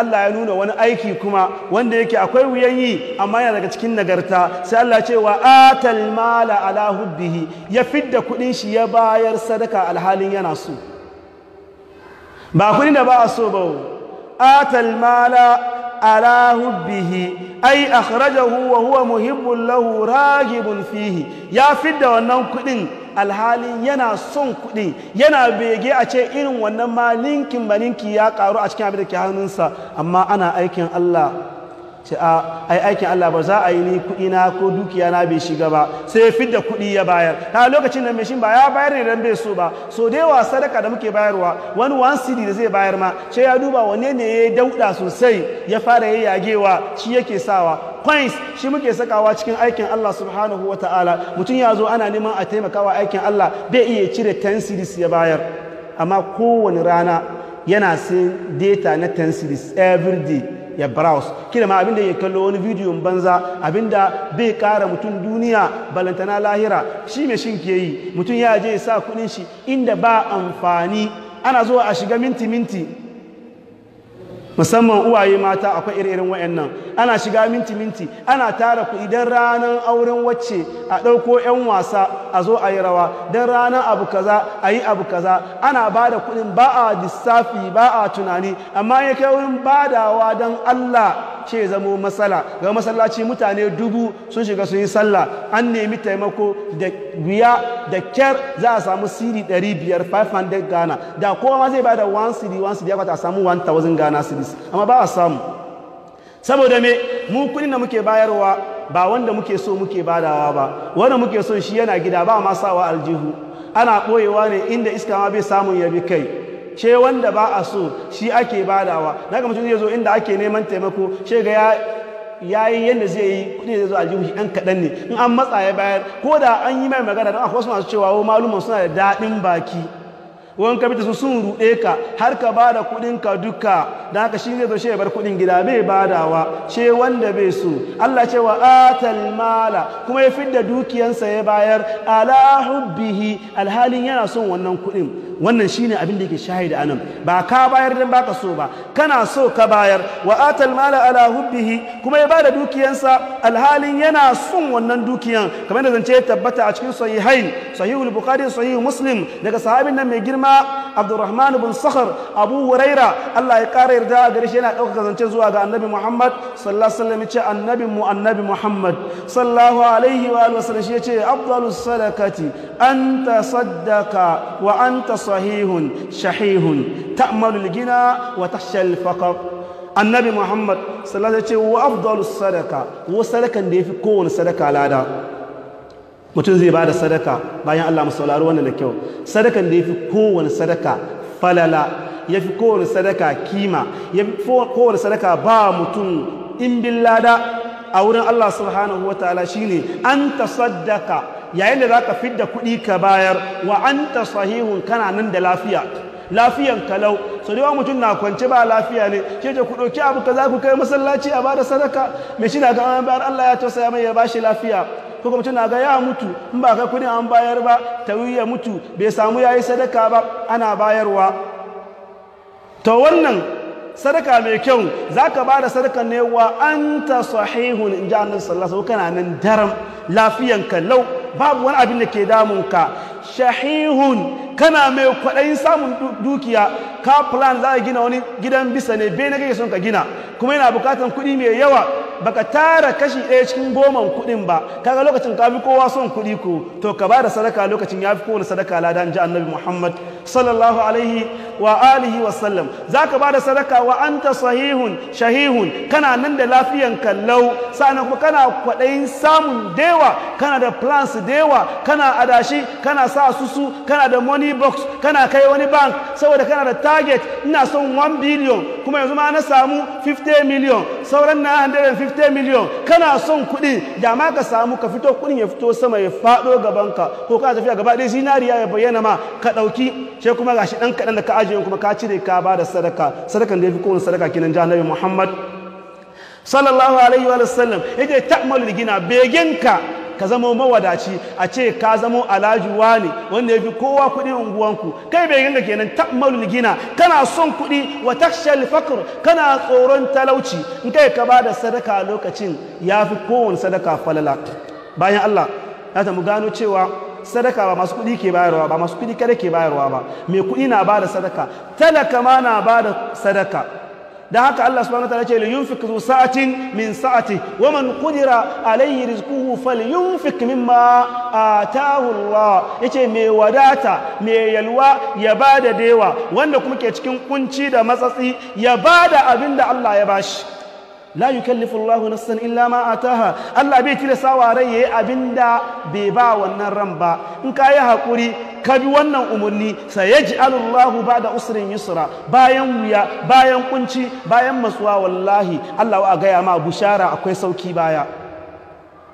Allah ya nuna wani aiki kuma wanda yake akwai wuyan yi amma yana daga cikin nagarta sai Allah ce wa atal mala ala hubbihi ya fidda kudin shi ya bayar sadaka alhalin yana so ba kudi da ba a so ba atal mala ala hubbihi ai akhrajahu wa huwa muhibbun lahu ragibun fihi ya fidda wannan kudin alhalin yana son kuɗi yana bege a ce irin wannan ma linkin ba ya karu a cikin abin da ke hannunsa amma ana aikin Allah ce a ai aikin Allah ba za a yi ni kuɗi na ko dukiya na bai shiga ba sai fi fidda kuɗi ya bayar ta lokacin nan mai shi ba ya bayar ne dan bai so ba so da yawa sadaka da muke bayarwa wani wan cd da zai bayar ma sai ya duba wane ne ya dauda sosai ya fara yayyagewa shi yake sawa coins shi muke sakawa cikin aikin Allah subhanahu wa ta'ala mutum ya zo ana neman a taimakawa aikin Allah bai iya cire 10 series ya bayar amma kowane rana yana sin data na 10 series every day ya browse kila ma abinda ya kallo wani bidiyon banza abinda bai kara mutum duniya balantana lahira shi mai shin ke yi mutum ya je ya sa kudin shi inda ba amfani ana zuwa a shiga minti minti musamman uwaye mata akwai iri irin wayannan ana shiga minti minti ana tara ku idan ranar auren wacce a ɗauko 'yan wasa a zo a yi rawa don ranar abu kaza a yi abu kaza ana ba da kuɗin ba a lissafi ba a tunani amma ya kai wurin badawa don allah ce zamo matsala ga masallaci mutane dubu sun shiga sun yi sallah an nemi taimako da wuya da kyar za a samu siri 500 gana da kowa ma zai ba da 1 siri 1 siri ya kwata samu 1000 gana siri hadis amma ba a samu saboda me mu kudin da muke bayarwa ba wanda muke so muke badawa ba wanda muke so shi yana gida ba ma sawa aljihu ana ɓoyewa ne inda iska ma bai samu ya bi kai ce wanda ba a so shi ake badawa na ga mutum zai zo inda ake neman taimako she ga ya yi yadda zai yi kudi zai zo aljihu shi ɗan kaɗan ne in an matsa ya bayar ko da an yi mai magana don akwai wasu masu cewa oh, maluman suna da daɗin baki wani ka su sun ruɗe ka har ka ba da kuɗinka duka da haka shi zai zo shi ya bar kuɗin gida bai badawa ce wanda bai so Allah cewa wa atal kuma ya fidda dukiyansa ya bayar ala hubbihi alhalin yana son wannan kuɗin wannan shi ne abin da yake shahidi anan ba ka bayar dan baka so ba kana so ka bayar wa atal mala ala hubbihi kuma ya bada dukiyansa alhalin yana son wannan dukiyan kamar da zance ya tabbata a cikin sahihain sahihul bukhari sahih muslim daga sahabin nan mai girma abdurrahman bin sakhar abu huraira Allah ya kara yarda a gare shi yana dauka zance zuwa ga annabi muhammad sallallahu alaihi wasallam ce annabi mu annabi muhammad sallallahu alaihi wa alihi wasallam ya ce afdalus sadaqati anta saddaka wa anta sahihun shahihun ta'malu al-gina wa annabi muhammad sallallahu alaihi wasallam wa afdalus sadaka wa sadakan da yafi kowane sadaka lada mutum zai bada sadaka bayan Allah musauraro wannan da kyau sadakan da yafi kowane sadaka falala yafi kowane sadaka kima fi kowane sadaka ba mutum in bin lada a wurin Allah subhanahu ta'ala shine an tasaddaka yayin da za zaka da kuɗi ka bayar wa ta sahihun kana nan da lafiya lafiyan kalau so da mutum na kwance ba lafiya ne ke ku ɗauki abu ka za ku kai masallaci a bada sadaka mai shi na ga an bayar Allah ya tausaya mai ya shi lafiya ko kuma mutum na ga ya mutu in ba kai kuɗi an bayar ba Ta ya mutu bai samu yayi sadaka ba ana bayarwa to wannan sadaka mai kyau zaka bada sadaka ne wa anta sahihun in ji annabi sallallahu alaihi kana nan daram lafiyan kalau babu wani abin da ke damunka shahihun kana mai kwaɗayin samun dukiya ka plan za a gina wani gidan bisa ne bai na kake son ka gina kuma yana bukatan kuɗi mai yawa baka tara kashi ɗaya cikin goman kuɗin ba kaga lokacin ka fi kowa son kuɗi ko to ka ba da sadaka lokacin ya fi kowane sadaka lada ji annabi muhammad sallallahu alaihi wa alihi wa sallam za ka ba da sadaka wa anta sahihun shahihun kana nan da lafiyan kallau sa'annan kuma kana kwaɗayin samun dewa kana da plans dewa kana adashi kana sa susu kana da money wani box kana kai wani bank saboda kana da target ina son 1 billion kuma yanzu ma na samu 50 million sauran na 150 million kana son kuɗi da ma ka samu ka fito kuɗin ya fito sama ya faɗo gabanka ko kana tafiya gaba ɗaya zinariya ya bayyana ma ka ɗauki sai kuma gashi ɗan kaɗan da ka ajiye kuma ka cire ka ba da sadaka sadakan da ya fi kowane sadaka kinan jihar Muhammad sallallahu alaihi wa sallam yake ta'malul gina begenka ka zama mawadaci a ce ka zama alajuwa ne wanda ya fi kowa kuɗi unguwanku kai bai ganga kenan ta'malul gina kana son kuɗi wa takshal fakr kana tsoron talauci in kai ka ba da sadaka lokacin ya fi kowane sadaka falala bayan Allah ya mu gano cewa sadaka ba masu kuɗi ke bayarwa ba masu kuɗi kada ke bayarwa ba mai kuɗi na ba sadaka talaka ma na ba da sadaka da haka Allah subhanahu wataala ce liyunfik zu sa'atin min sa'ati wa man qudira alayhi rizquhu falyunfik mimma atahu Allah yace me wadata me yalwa ya bada dewa wanda kuma ke cikin kunci da matsatsi ya bada abinda Allah ya bashi la yukallifu Allah nafsan illa ma ataha Allah bai tilasa wa rai yayi abinda bai ba wannan ran ba in kai hakuri ka bi wannan umarni sayaj'alu Allahu ba'da usrin yusra bayan wuya bayan kunci bayan masuwa wallahi Allah a gaya ma bushara akwai sauki baya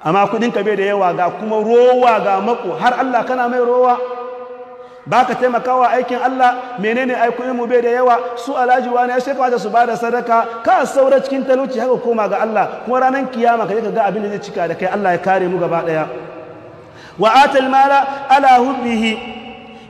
amma kudin ka bai da yawa ga kuma rowa ga mako har Allah kana mai rowa ba ka taimakawa aikin Allah menene aikunin mu bai da yawa su alhaji wani ya shekwa da su ba da sadaka ka saura cikin talauci haka koma ga Allah kuma ranar kiyama ka je ka ga abin da zai cika da kai Allah ya kare mu gaba daya wa atal mala ala hubbihi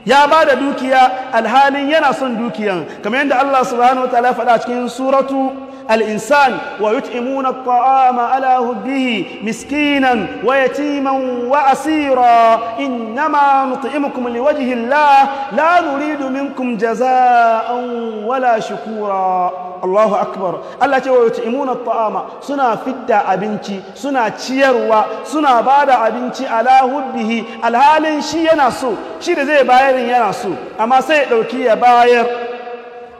ya ba da dukiya alhalin yana son dukiyan kamar yadda Allah subhanahu wa ta'ala faɗa cikin suratu الإنسان ويطعمون الطعام على هبه مسكينا ويتيما وأسيرا إنما نطعمكم لوجه الله لا نريد منكم جزاء ولا شكورا الله أكبر التي ويطعمون الطعام سنا فدا أبنتي سنا تشيروا سنا بعد أبنتي على هبه الهالين شي ينسو شي زي باير ينسو أما سيدوكي باير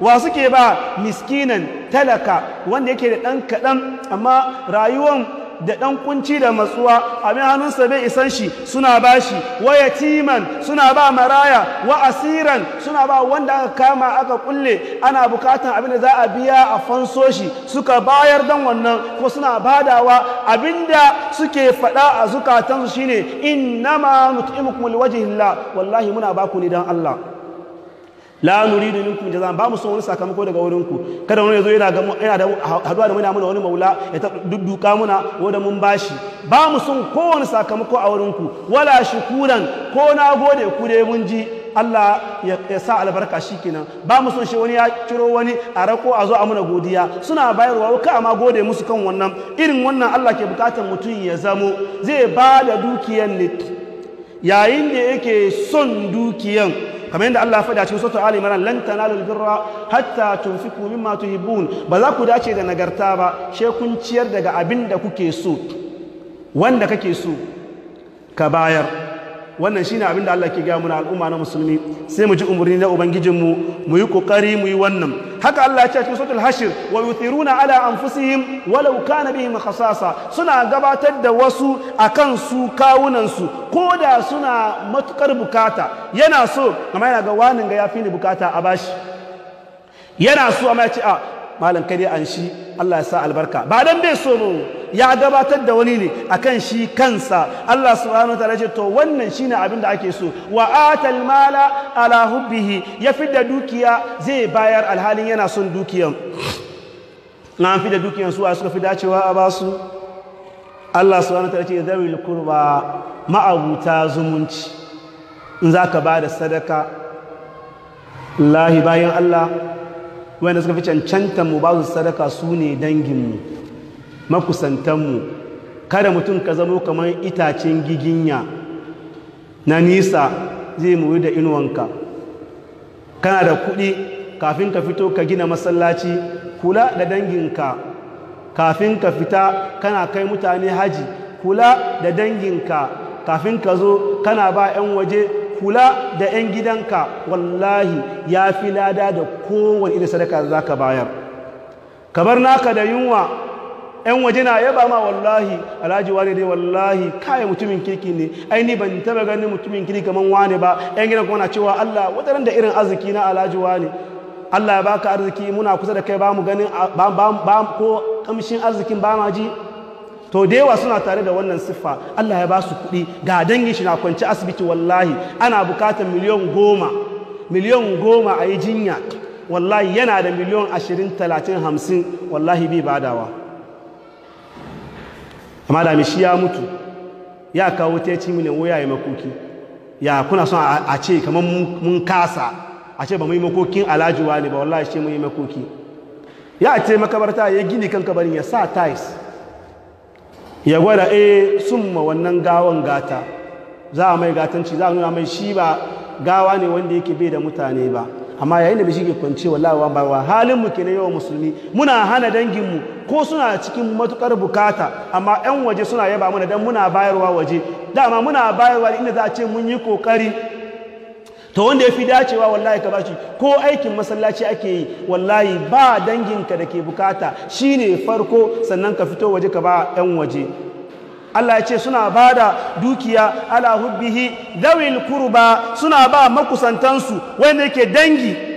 wa suke ba miskinan talaka wanda yake da ɗan kaɗan amma rayuwan da ɗan kunci da matsuwa abin hannunsa bai isan shi suna ba shi wa yatiman suna ba maraya wa asiran suna ba wanda aka kama aka kulle ana bukatan abin da za a biya a fanso shi suka bayar dan wannan ko suna badawa abin da suke faɗa a zukatansu shine innama nut'imukum liwajhillah wallahi muna baku ne dan Allah la nuridu minkum jazaan ba mu son wani sakamako daga wurin ku kada wani yazo yana ga yana da haduwa da muna muna wani maula ya ta dudduka muna da mun bashi ba mu son kowane sakamako a wurin ku wala shukuran ko na gode ku dai mun ji Allah ya sa albarka shikenan ba mu son shi wani ya ciro wani a rako a zo a muna godiya suna bayarwa ka ma gode musu kan wannan irin wannan Allah ke bukatar mutum ya zamo zai ba da dukiyan ne yayin da yake son dukiyan kamar yadda Allah faɗa cikin suratul ali imran lan tanalul birra hatta tunfiqu mimma tuhibbun ba za ku dace da nagarta ba she kun ciyar daga abin da kuke so wanda kake so ka bayar wannan shine abin da Allah ke gaya muna al'umma na musulmi sai mu ji umurni na ubangijinmu mu yi kokari mu yi wannan haka Allah ya ce cikin suratul hashir wa yuthiruna ala anfusihim walau kana bihim khasasa suna gabatar da wasu akan su kawunan su koda suna matukar bukata yana so amma yana ga wanin ga yafi ni bukata a bashi yana so amma ya ce a malam kai an shi Allah ya sa albarka ba dan bai so ba. ya gabatar da wani ne akan shi kansa Allah subhanahu wataala ce to wannan shine abin da ake so wa atal mala ala hubbihi ya fidda dukiya zai bayar alhalin yana son dukiyan na an fidda dukiyan su suka fi dacewa a basu Allah subhanahu wataala ce zawil qurba ma'abuta zumunci in zaka da sadaka lahi bayan Allah wanda suka fi cancanta mu ba su sadaka su ne danginmu makusantanmu kada mutum ka zamo kamar itacen giginya na nisa zai muri da inuwanka kana da kuɗi kafin ka fito ka gina masallaci kula da danginka kafin ka fita kana kai mutane haji kula da danginka kafin ka zo kana ba 'yan waje kula da 'yan gidanka wallahi ya fi lada da kowane irin sadaka za ka bayar kabar naka da yunwa 'yan waje na yaba ma wallahi alhaji wane dai wallahi kayan mutumin kirki ne aini ban taba ganin mutumin kirki kamar wane ba 'yan gidan kuma na cewa allah wadaran da irin arziki na alhaji wane allah ya baka arziki muna kusa da kai ba mu ganin ko kamshin arzikin ba ma ji to da suna tare da wannan siffa Allah ya ba su kuɗi ga dangin shi na kwanci asibiti wallahi ana bukatar miliyan goma miliyan goma a yi jinya wallahi yana da miliyan ashirin talatin hamsin wallahi bai badawa amma da mishi ya mutu ya kawo ta ci miliyan waya ya makoki ya kuna son a ce kamar mun kasa a ce ba mu yi makokin alajuwa ne ba wallahi ce mu yi makoki ya ce makabarta ya gini kan kabarin ya sa tais ya gwada eh, sun summa wannan gawan gata za a mai gatanci za a nuna mai shi ba gawa ne wanda yake bai da mutane ba amma yayin da shi ke kwance lawa ba wa halin mu ke na yawan musulmi muna hana dangin mu ko suna cikin matukar bukata amma yan waje suna yaba mana dan muna bayarwa waje dama muna bayarwa inda za a ce mun yi kokari ta wanda ya fi dacewa wallahi ka bashi ko aikin masallaci ake yi wallahi ba danginka da ke bukata shine farko sannan ka fito waje ka ba 'yan waje Allah ya ce suna ba da dukiya ala hubbihi dawil kurba suna ba makusantansu wanda yake dangi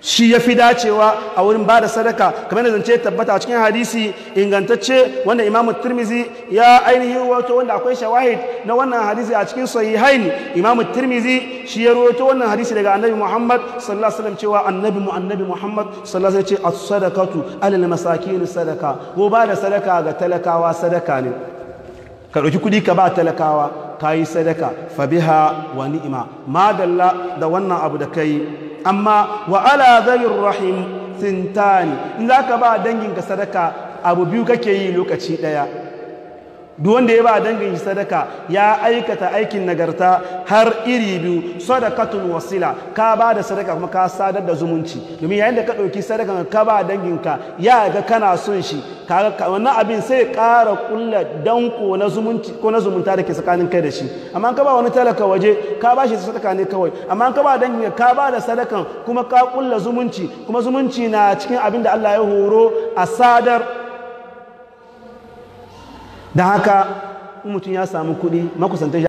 shi ya fi dacewa a wurin ba da sadaka kamar da zance tabbata a cikin hadisi ingantacce wanda imamu turmizi ya ainihi wato wanda akwai shawahid na wannan hadisi a cikin sahihain imamu turmizi shi ya rawaito wannan hadisi daga annabi muhammad sallallahu alaihi wasallam cewa annabi mu annabi muhammad sallallahu alaihi wasallam ce as-sadaqatu alal masakin sadaka ko ba da sadaka ga talakawa sadaka ne ka ɗauki kuɗi ka ba talakawa ka yi sadaka fabiha wa ni'ima madalla da wannan abu da kai amma wa ala zarir rahim sintani in za ka ba danginka sadaka abu biyu kake yi lokaci ɗaya. duk wanda ya ba dangin shi sadaka ya aikata aikin nagarta har iri biyu sadakatun wasila ka ba da sadaka kuma ka sadar da zumunci domin yayin da ka ɗauki sadaka ka ba ka ya ga kana son shi wannan abin sai ƙara kulla danko na zumunci ko na zumunta da ke tsakanin kai da shi amma ka ba wani talaka waje ka ba shi sadaka ne kawai amma ka ba dangin ka ba da sadakan kuma ka kulla zumunci kuma zumunci na cikin abin da Allah ya horo a sadar da haka mutum ya samu kuɗi makusantar